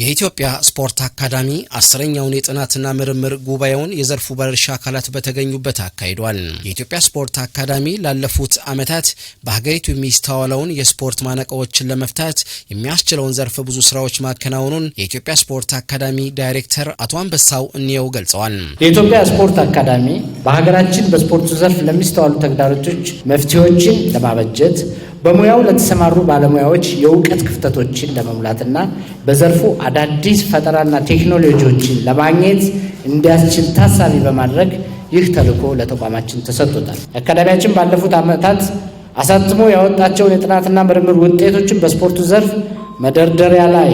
የኢትዮጵያ ስፖርት አካዳሚ አስረኛውን የጥናትና ምርምር ጉባኤውን የዘርፉ ባለድርሻ አካላት በተገኙበት አካሂዷል። የኢትዮጵያ ስፖርት አካዳሚ ላለፉት ዓመታት በሀገሪቱ የሚስተዋለውን የስፖርት ማነቃዎችን ለመፍታት የሚያስችለውን ዘርፈ ብዙ ስራዎች ማከናወኑን የኢትዮጵያ ስፖርት አካዳሚ ዳይሬክተር አቶ አንበሳው እንየው ገልጸዋል። የኢትዮጵያ ስፖርት አካዳሚ በሀገራችን በስፖርቱ ዘርፍ ለሚስተዋሉ ተግዳሮቶች መፍትሄዎችን ለማበጀት በሙያው ለተሰማሩ ባለሙያዎች የእውቀት ክፍተቶችን ለመሙላትና በዘርፉ አዳዲስ ፈጠራና ቴክኖሎጂዎችን ለማግኘት እንዲያስችል ታሳቢ በማድረግ ይህ ተልዕኮ ለተቋማችን ተሰጥቶታል። አካዳሚያችን ባለፉት ዓመታት አሳትሞ ያወጣቸውን የጥናትና ምርምር ውጤቶችን በስፖርቱ ዘርፍ መደርደሪያ ላይ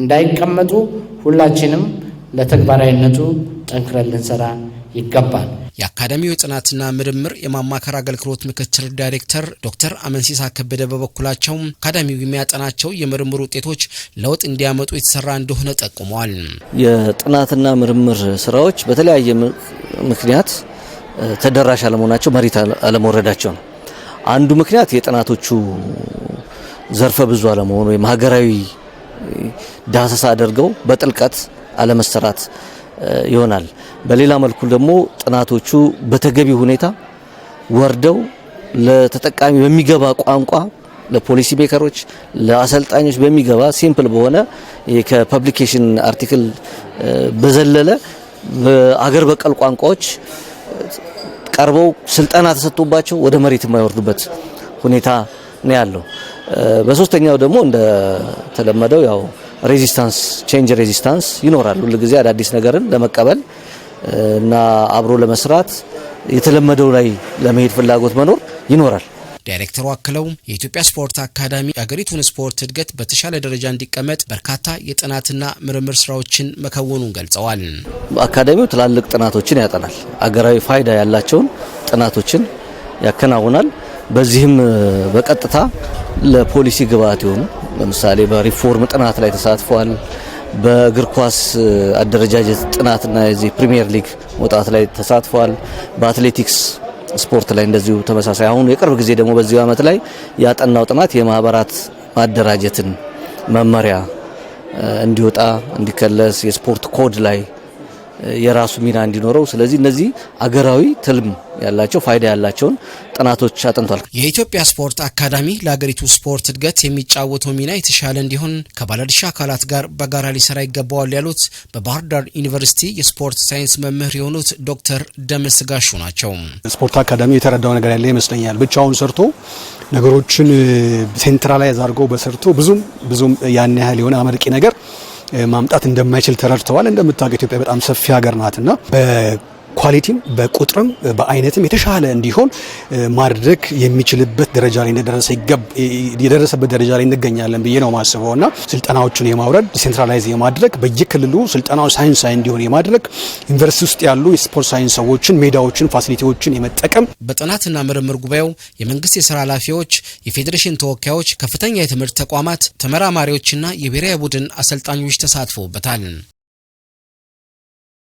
እንዳይቀመጡ ሁላችንም ለተግባራዊነቱ ጠንክረን ልንሰራ ይገባል። የአካዳሚው የጥናትና ምርምር የማማከር አገልግሎት ምክትል ዳይሬክተር ዶክተር አመንሲሳ ከበደ በበኩላቸው አካዳሚው የሚያጠናቸው የምርምር ውጤቶች ለውጥ እንዲያመጡ የተሰራ እንደሆነ ጠቁመዋል። የጥናትና ምርምር ስራዎች በተለያየ ምክንያት ተደራሽ አለመሆናቸው፣ መሬት አለመውረዳቸው ነው። አንዱ ምክንያት የጥናቶቹ ዘርፈ ብዙ አለመሆኑ ወይም ሀገራዊ ዳሰሳ አድርገው በጥልቀት አለመሰራት ይሆናል። በሌላ መልኩ ደግሞ ጥናቶቹ በተገቢ ሁኔታ ወርደው ለተጠቃሚ በሚገባ ቋንቋ ለፖሊሲ ሜከሮች፣ ለአሰልጣኞች በሚገባ ሲምፕል በሆነ ከፐብሊኬሽን አርቲክል በዘለለ በአገር በቀል ቋንቋዎች ቀርበው ስልጠና ተሰጥቶባቸው ወደ መሬት የማይወርዱበት ሁኔታ ነው ያለው። በሶስተኛው ደግሞ እንደተለመደው ያው ሬዚስታንስ ቼንጅ ሬዚስታንስ ይኖራል። ጊዜ አዳዲስ ነገርን ለመቀበል እና አብሮ ለመስራት የተለመደው ላይ ለመሄድ ፍላጎት መኖር ይኖራል። ዳይሬክተሩ አክለው የኢትዮጵያ ስፖርት አካዳሚ የአገሪቱን ስፖርት እድገት በተሻለ ደረጃ እንዲቀመጥ በርካታ የጥናትና ምርምር ስራዎችን መከወኑን ገልጸዋል። አካዳሚው ትላልቅ ጥናቶችን ያጠናል። አገራዊ ፋይዳ ያላቸውን ጥናቶችን ያከናውናል። በዚህም በቀጥታ ለፖሊሲ ግብዓት የሆኑ ለምሳሌ በሪፎርም ጥናት ላይ ተሳትፏል። በእግር ኳስ አደረጃጀት ጥናትና የዚህ ፕሪሚየር ሊግ መውጣት ላይ ተሳትፏል። በአትሌቲክስ ስፖርት ላይ እንደዚሁ ተመሳሳይ። አሁን የቅርብ ጊዜ ደግሞ በዚሁ ዓመት ላይ ያጠናው ጥናት የማህበራት ማደራጀትን መመሪያ እንዲወጣ እንዲከለስ የስፖርት ኮድ ላይ የራሱ ሚና እንዲኖረው ስለዚህ እነዚህ አገራዊ ትልም ያላቸው ፋይዳ ያላቸውን ጥናቶች አጥንቷል። የኢትዮጵያ ስፖርት አካዳሚ ለሀገሪቱ ስፖርት እድገት የሚጫወተው ሚና የተሻለ እንዲሆን ከባለድርሻ አካላት ጋር በጋራ ሊሰራ ይገባዋል ያሉት በባህር ዳር ዩኒቨርሲቲ የስፖርት ሳይንስ መምህር የሆኑት ዶክተር ደምስ ጋሹ ናቸው። ስፖርት አካዳሚ የተረዳው ነገር ያለ ይመስለኛል። ብቻውን ሰርቶ ነገሮችን ሴንትራላይዝ አድርገው በሰርቶ ብዙም ብዙም ያን ያህል የሆነ አመርቂ ነገር ማምጣት እንደማይችል ተረድተዋል። እንደምታውቀው ኢትዮጵያ በጣም ሰፊ ሀገር ናትና ኳሊቲም በቁጥርም በአይነትም የተሻለ እንዲሆን ማድረግ የሚችልበት ደረጃ ላይ የደረሰበት ደረጃ ላይ እንገኛለን ብዬ ነው ማስበው እና ስልጠናዎቹን የማውረድ ዲሴንትራላይዝ የማድረግ በየክልሉ ስልጠናው ሳይንሳዊ እንዲሆን የማድረግ ዩኒቨርሲቲ ውስጥ ያሉ የስፖርት ሳይንስ ሰዎችን፣ ሜዳዎችን፣ ፋሲሊቲዎችን የመጠቀም በጥናትና ምርምር ጉባኤው የመንግስት የስራ ኃላፊዎች፣ የፌዴሬሽን ተወካዮች፣ ከፍተኛ የትምህርት ተቋማት ተመራማሪዎችና የብሔራዊ ቡድን አሰልጣኞች ተሳትፎበታል።